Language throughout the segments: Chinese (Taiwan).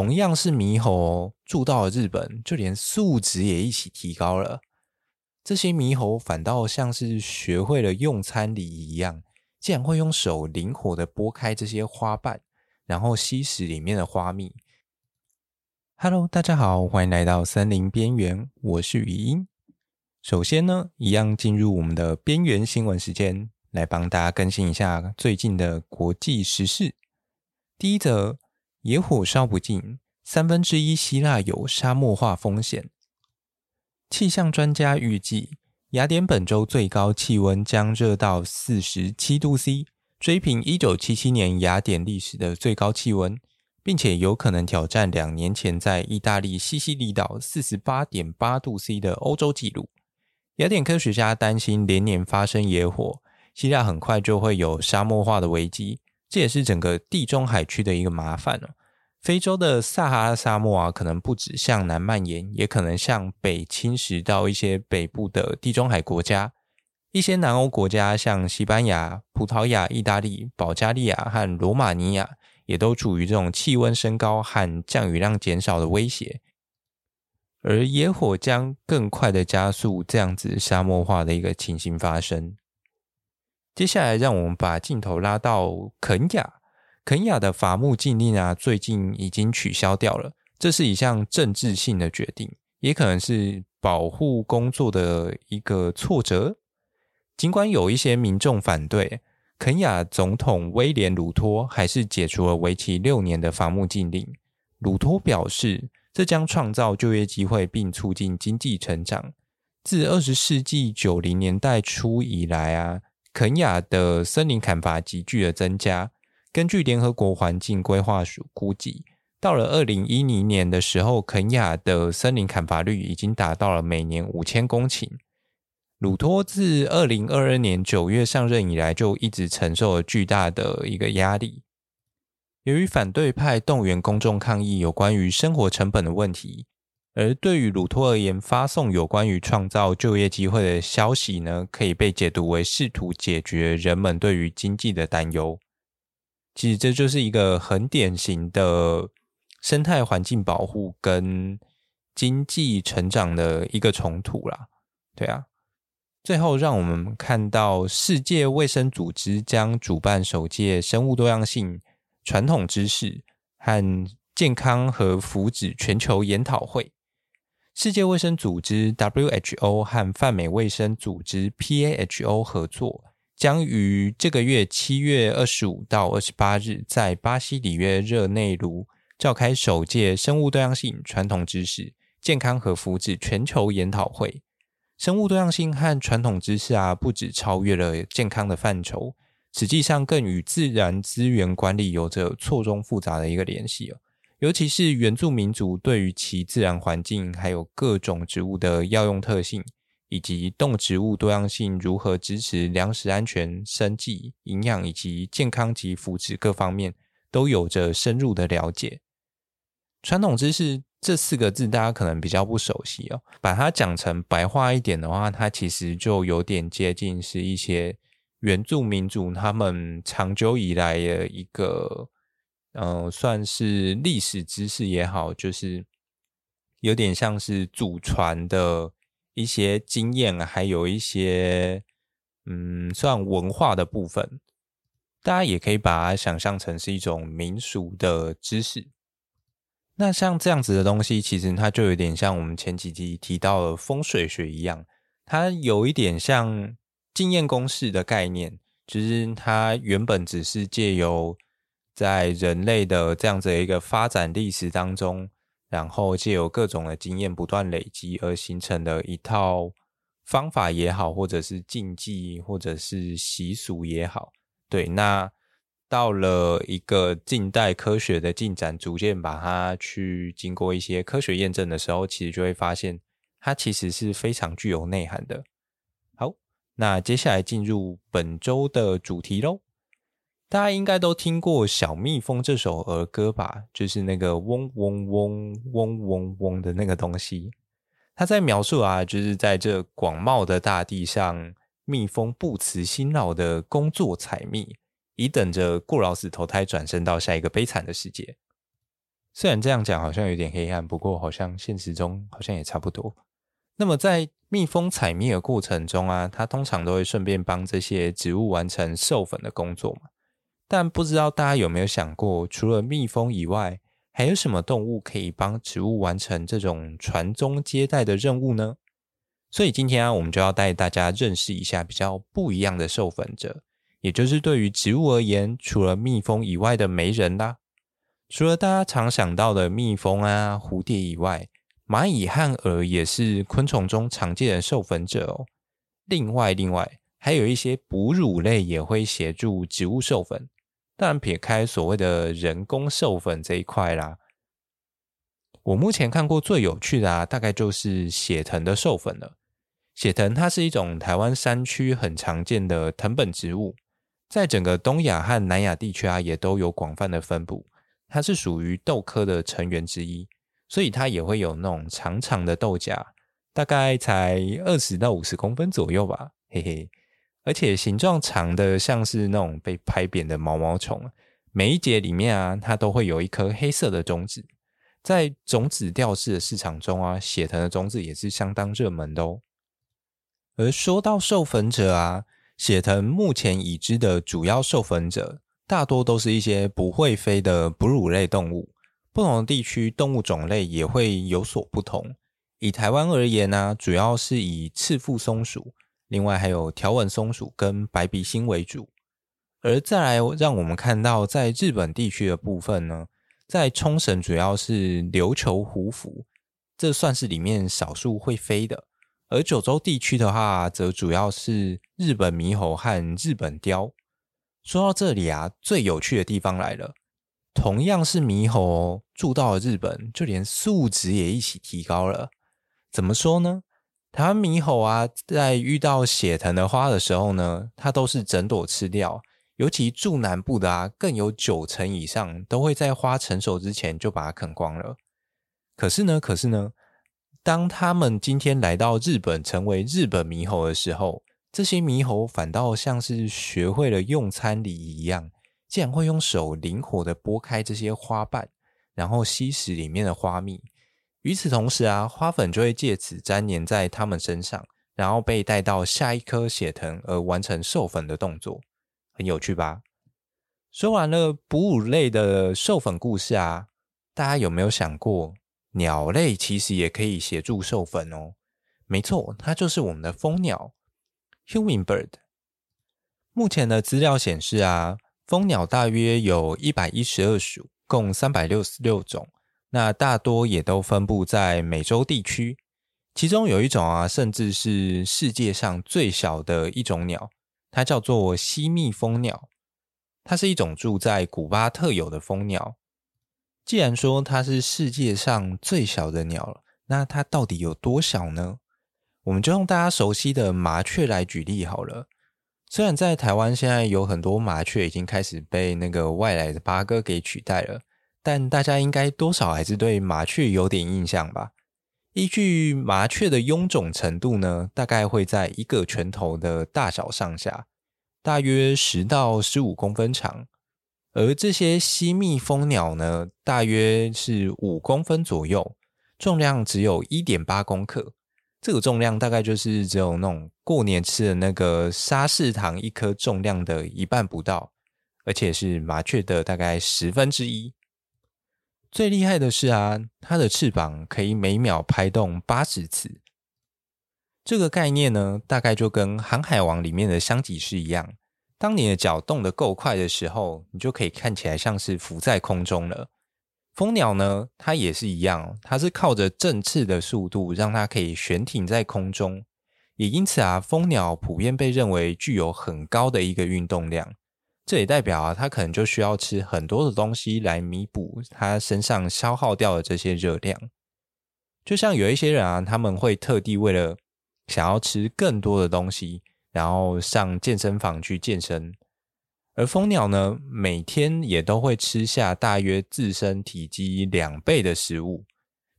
同樣是獼猴住到了日本，就連素質也一起提高了。這些獼猴反倒像是學會了用餐禮儀一樣，竟然會用手靈活的撥開這些花瓣，然後吸食裡面的花蜜。Hello，大家好，歡迎來到森林邊緣，我是雨音。首先呢，一樣進入我們的邊緣新聞時間，來幫大家更新一下最近的國際時事。第一則。野火燒不盡，三分之一希臘有沙漠化風險。氣象專家預計，雅典本周最高氣溫將熱到四十七度 C，追平一九七七年雅典歷史的最高氣溫，並且有可能挑戰兩年前在意大利西西里島四十八點八度 C 的歐洲紀錄。雅典科學家擔心，連年發生野火，希臘很快就會有沙漠化的危機，這也是整個地中海區的一個麻煩了。非洲的撒哈拉沙漠啊，可能不止向南蔓延，也可能向北侵蝕到一些北部的地中海國家，一些南歐國家，像西班牙、葡萄牙、意大利、保加利亞和羅馬尼亞，也都處於這種氣溫升高和降雨量減少的威脅，而野火將更快的加速這樣子沙漠化的一個情形發生。接下來，讓我們把鏡頭拉到肯亞。肯亞的伐木禁令啊，最近已經取消掉了。這是一項政治性的決定，也可能是保護工作的一個挫折。儘管有一些民眾反對，肯亞總統威廉魯托還是解除了為期六年的伐木禁令。魯托表示，這將創造就業機會並促進經濟成長。自二十世紀九零年代初以來啊，肯亞的森林砍伐急劇的增加。根據聯合國環境規劃署估計，到了二零一零年的時候，肯亞的森林砍伐率已經達到了每年五千公頃。魯托自二零二二年九月上任以來，就一直承受了巨大的一個壓力。由於反對派動員公眾抗議有關於生活成本的問題，而對於魯托而言，發送有關於創造就業機會的消息呢，可以被解讀為試圖解決人們對於經濟的擔憂。其實這就是一個很典型的生態環境保護跟經濟成長的一個衝突啦，對啊。最後，讓我們看到世界衛生組織將主辦首屆生物多樣性、傳統知識和健康和福祉全球研討會。世界衛生組織 （WHO） 和泛美衛生組織 （PAHO） 合作。將於這個月七月二十五到二十八日在巴西里約熱內盧召開首屆生物多樣性、傳統知識、健康和福祉全球研討會。生物多樣性和傳統知識啊，不止超越了健康的範疇，實際上更與自然資源管理有着錯綜複雜的一個聯繫啊，尤其是原住民族對於其自然環境還有各種植物的藥用特性。以及動植物多樣性如何支持糧食安全生計、營養以及健康及福祉各方面，都有着深入的了解。傳統知識這四個字，大家可能比較不熟悉哦。把它講成白話一點的話，它其實就有點接近是一些原住民族他們長久以來的一個，嗯，算是歷史知識也好，就是有點像是祖傳的。一些經驗，還有一些，嗯，算文化的部分，大家也可以把它想象成是一種民俗的知識。那像這樣子的東西，其實它就有點像我們前幾集提到的風水學一樣，它有一點像經驗公式的概念，其、就是它原本只是借由在人類的這樣子一個發展歷史當中。然後借由各種的經驗不斷累積而形成的一套方法也好，或者是禁忌，或者是習俗也好，對，那到了一個近代科學的進展，逐漸把它去經過一些科學驗證的時候，其實就會發現它其實是非常具有內涵的。好，那接下來進入本周的主題嘍。大家應該都聽過《小蜜蜂》這首兒歌吧？就是那個嗡嗡嗡嗡嗡嗡的那個東西。它在描述啊，就是在這廣袤的大地上，蜜蜂不辭辛勞的工作採蜜，以等着過勞死、投胎轉生到下一個悲慘的世界。雖然這樣講好像有點黑暗，不過好像現實中好像也差不多。那麼在蜜蜂採蜜的過程中啊，它通常都會順便幫這些植物完成授粉的工作嘛。但不知道大家有沒有想過，除了蜜蜂以外，還有什麼動物可以幫植物完成這種傳宗接代的任務呢？所以今天啊，我們就要帶大家認識一下比較不一樣的授粉者，也就是對於植物而言，除了蜜蜂以外的媒人啦。除了大家常想到的蜜蜂啊、蝴蝶以外，螞蟻和蛾也是昆蟲中常見的授粉者哦。另外，另外還有一些哺乳類也會協助植物授粉。當然，撇開所謂的人工授粉這一塊啦，我目前看過最有趣的啊，大概就是血藤的授粉了。血藤它是一種台灣山區很常見的藤本植物，在整個東亞和南亞地區啊，也都有廣泛的分布。它是屬於豆科的成員之一，所以它也會有那種長長的豆莢，大概才二十到五十公分左右吧，嘿嘿。而且形狀長得，像是那種被拍扁的毛毛蟲，每一節裡面啊，它都會有一顆黑色的種子。在種子吊飾的市場中啊，血藤的種子也是相當熱門的哦。而說到授粉者啊，血藤目前已知的主要授粉者，大多都是一些不會飛的哺乳類動物。不同的地區動物種類也會有所不同。以台灣而言呢、啊，主要是以赤腹松鼠。另外還有條紋松鼠跟白鼻心為主，而再來讓我們看到在日本地區的部分呢，在沖繩主要是琉球狐蝠，這算是裡面少數會飛的；而九州地區的話，則主要是日本獼猴和日本貂。說到這裡啊，最有趣的地方來了，同樣是獼猴住到了日本，就連素質也一起提高了。怎麼說呢？臺灣獼猴啊，在遇到血藤的花的時候呢，它都是整朵吃掉。尤其住南部的啊，更有九成以上都會在花成熟之前就把它啃光了。可是呢，可是呢，當他們今天來到日本，成為日本獼猴的時候，這些獼猴反倒像是學會了用餐禮儀一樣，竟然會用手靈活的撥開這些花瓣，然後吸食裡面的花蜜。與此同時啊，花粉就會借此粘黏在它們身上，然後被帶到下一棵血藤，而完成授粉的動作。很有趣吧？說完了哺乳類的授粉故事啊，大家有沒有想過，鳥類其實也可以協助授粉哦？沒錯，它就是我們的蜂鳥，Hummingbird。目前的資料顯示啊，蜂鳥大約有一百一十二屬，共三百六十六種。那大多也都分布在美洲地區，其中有一種啊，甚至是世界上最小的一種鳥，它叫做吸蜜蜂鳥。它是一種住在古巴特有的蜂鳥。既然說它是世界上最小的鳥了，那它到底有多小呢？我們就用大家熟悉的麻雀來舉例好了。雖然在台灣現在有很多麻雀已經開始被那個外來的八哥給取代了。但大家應該多少還是對麻雀有點印象吧？依據麻雀的臃腫程度呢，大概會在一個拳頭的大小上下，大約十到十五公分長。而這些吸蜜蜂鳥呢，大約是五公分左右，重量只有一點八公克。這個重量大概就是只有那種過年吃的那個沙士糖一顆重量的一半不到，而且是麻雀的大概十分之一。最厲害的是啊，它的翅膀可以每秒拍動八十次。這個概念呢，大概就跟《航海王》裡面的香吉士一樣，當你的腳動得夠快的時候，你就可以看起來像是浮在空中了。蜂鳥呢，它也是一樣，它是靠着振翅的速度，讓它可以懸停在空中。也因此啊，蜂鳥普遍被認為具有很高的一個運動量。這也代表啊，它可能就需要吃很多的東西來彌補它身上消耗掉的這些熱量。就像有一些人啊，他們會特地為了想要吃更多的東西，然後上健身房去健身。而蜂鳥呢，每天也都會吃下大約自身體積兩倍的食物。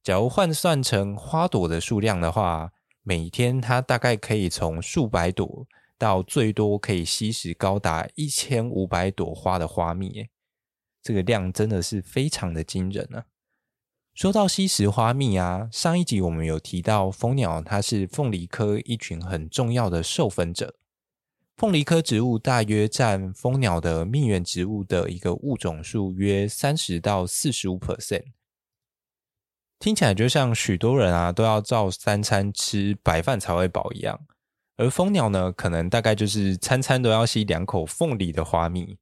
假如換算成花朵的數量的話，每天它大概可以從數百朵。到最多可以吸食高達一千五百朵花的花蜜，誒，這個量真的是非常的驚人啊！說到吸食花蜜啊，上一集我們有提到蜂鳥，它是鳳梨科一群很重要的授粉者。鳳梨科植物大約占蜂鳥的蜜源植物的一個物種數約三十到四十五 percent，聽起來就像許多人啊都要照三餐吃白飯才會飽一樣。而蜂鳥呢，可能大概就是餐餐都要吸兩口鳳梨的花蜜，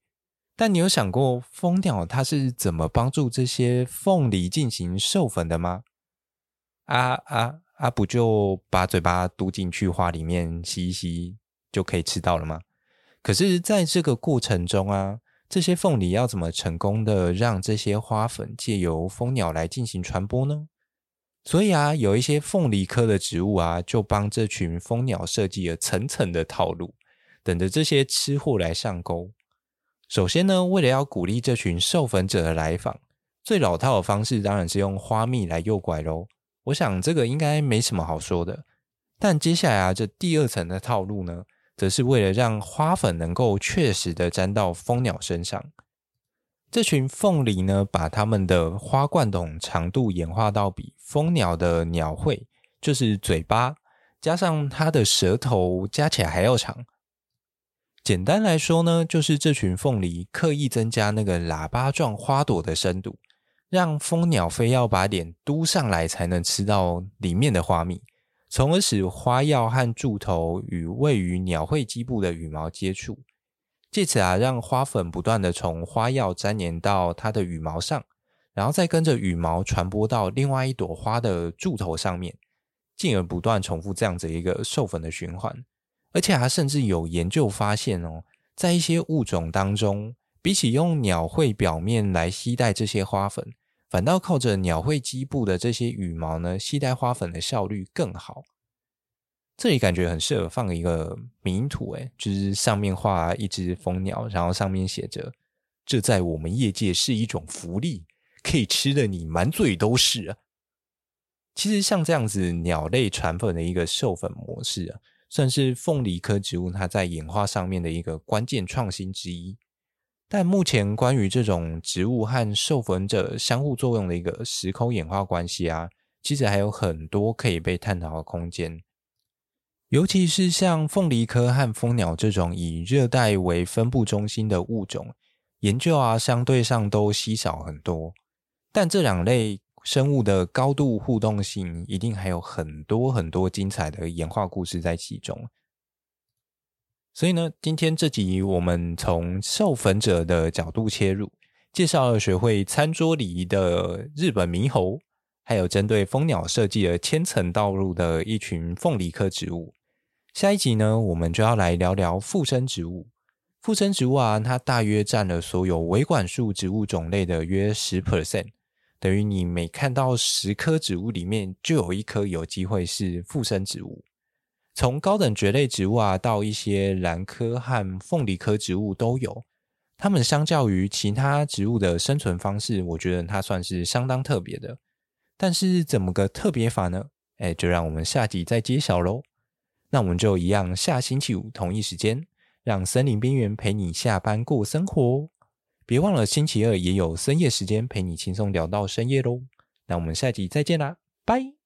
但你有想過蜂鳥它是怎麼幫助這些鳳梨進行授粉的嗎？啊啊啊！不就把嘴巴嘟進去花裡面吸一吸就可以吃到了嗎？可是在這個過程中啊，這些鳳梨要怎麼成功的讓這些花粉借由蜂鳥來進行傳播呢？所以啊，有一些鳳梨科的植物啊，就幫這群蜂鳥設計了層層的套路，等着這些吃貨來上鈎。首先呢，為了要鼓勵這群授粉者的來訪，最老套的方式當然是用花蜜來誘拐嘍。我想這個應該沒什麼好說的。但接下來啊，這第二層的套路呢，則是為了讓花粉能夠確實的沾到蜂鳥身上。這群鳳梨呢，把它們的花冠筒長度演化到比蜂鳥的鳥喙（就是嘴巴）加上它的舌頭加起來還要長。簡單來說呢，就是這群鳳梨刻意增加那個喇叭狀花朵的深度，讓蜂鳥非要把臉嘟上來才能吃到裡面的花蜜，從而使花藥和柱頭與位於鳥喙基部的羽毛接觸。借此啊，讓花粉不斷的從花藥沾黏到它的羽毛上，然後再跟着羽毛傳播到另外一朵花的柱頭上面，進而不斷重複這樣子一個授粉的循環。而且啊，甚至有研究發現哦，在一些物種當中，比起用鳥喙表面來攜帶這些花粉，反倒靠着鳥喙基部的這些羽毛呢，攜帶花粉的效率更好。這裡感覺很適合放一個名圖，誒，就是上面畫一只蜂鳥，然後上面寫着“這在我們業界是一種福利，可以吃的你滿嘴都是啊。”其實像這樣子鳥類傳粉的一個授粉模式啊，算是鳳梨科植物它在演化上面的一個關鍵創新之一。但目前關於這種植物和授粉者相互作用的一個時空演化關係啊，其實還有很多可以被探討的空間。尤其是像鳳梨科和蜂鳥這種以熱帶為分佈中心的物種，研究啊相對上都稀少很多。但這兩類生物的高度互動性，一定還有很多很多精彩的演化故事在其中。所以呢，今天這集我們從授粉者的角度切入，介紹了學會餐桌禮儀的日本獼猴，還有針對蜂鳥設計了千層套路的一群鳳梨科植物。下一集呢，我們就要來聊聊附生植物。附生植物啊，它大約占了所有維管束植物種類的約十 percent，等於你每看到十棵植物裡面就有一棵有機會是附生植物。從高等蕨類植物啊，到一些蘭科和鳳梨科植物都有。它們相較於其他植物的生存方式，我覺得它算是相當特別的。但是怎麼個特別法呢？哎、欸，就讓我們下集再揭曉嘍。那我們就一樣，下星期五同一時間，讓森林邊緣陪你下班過生活哦。別忘了星期二也有深夜時間陪你輕鬆聊到深夜嘍。那我們下集再見啦，拜。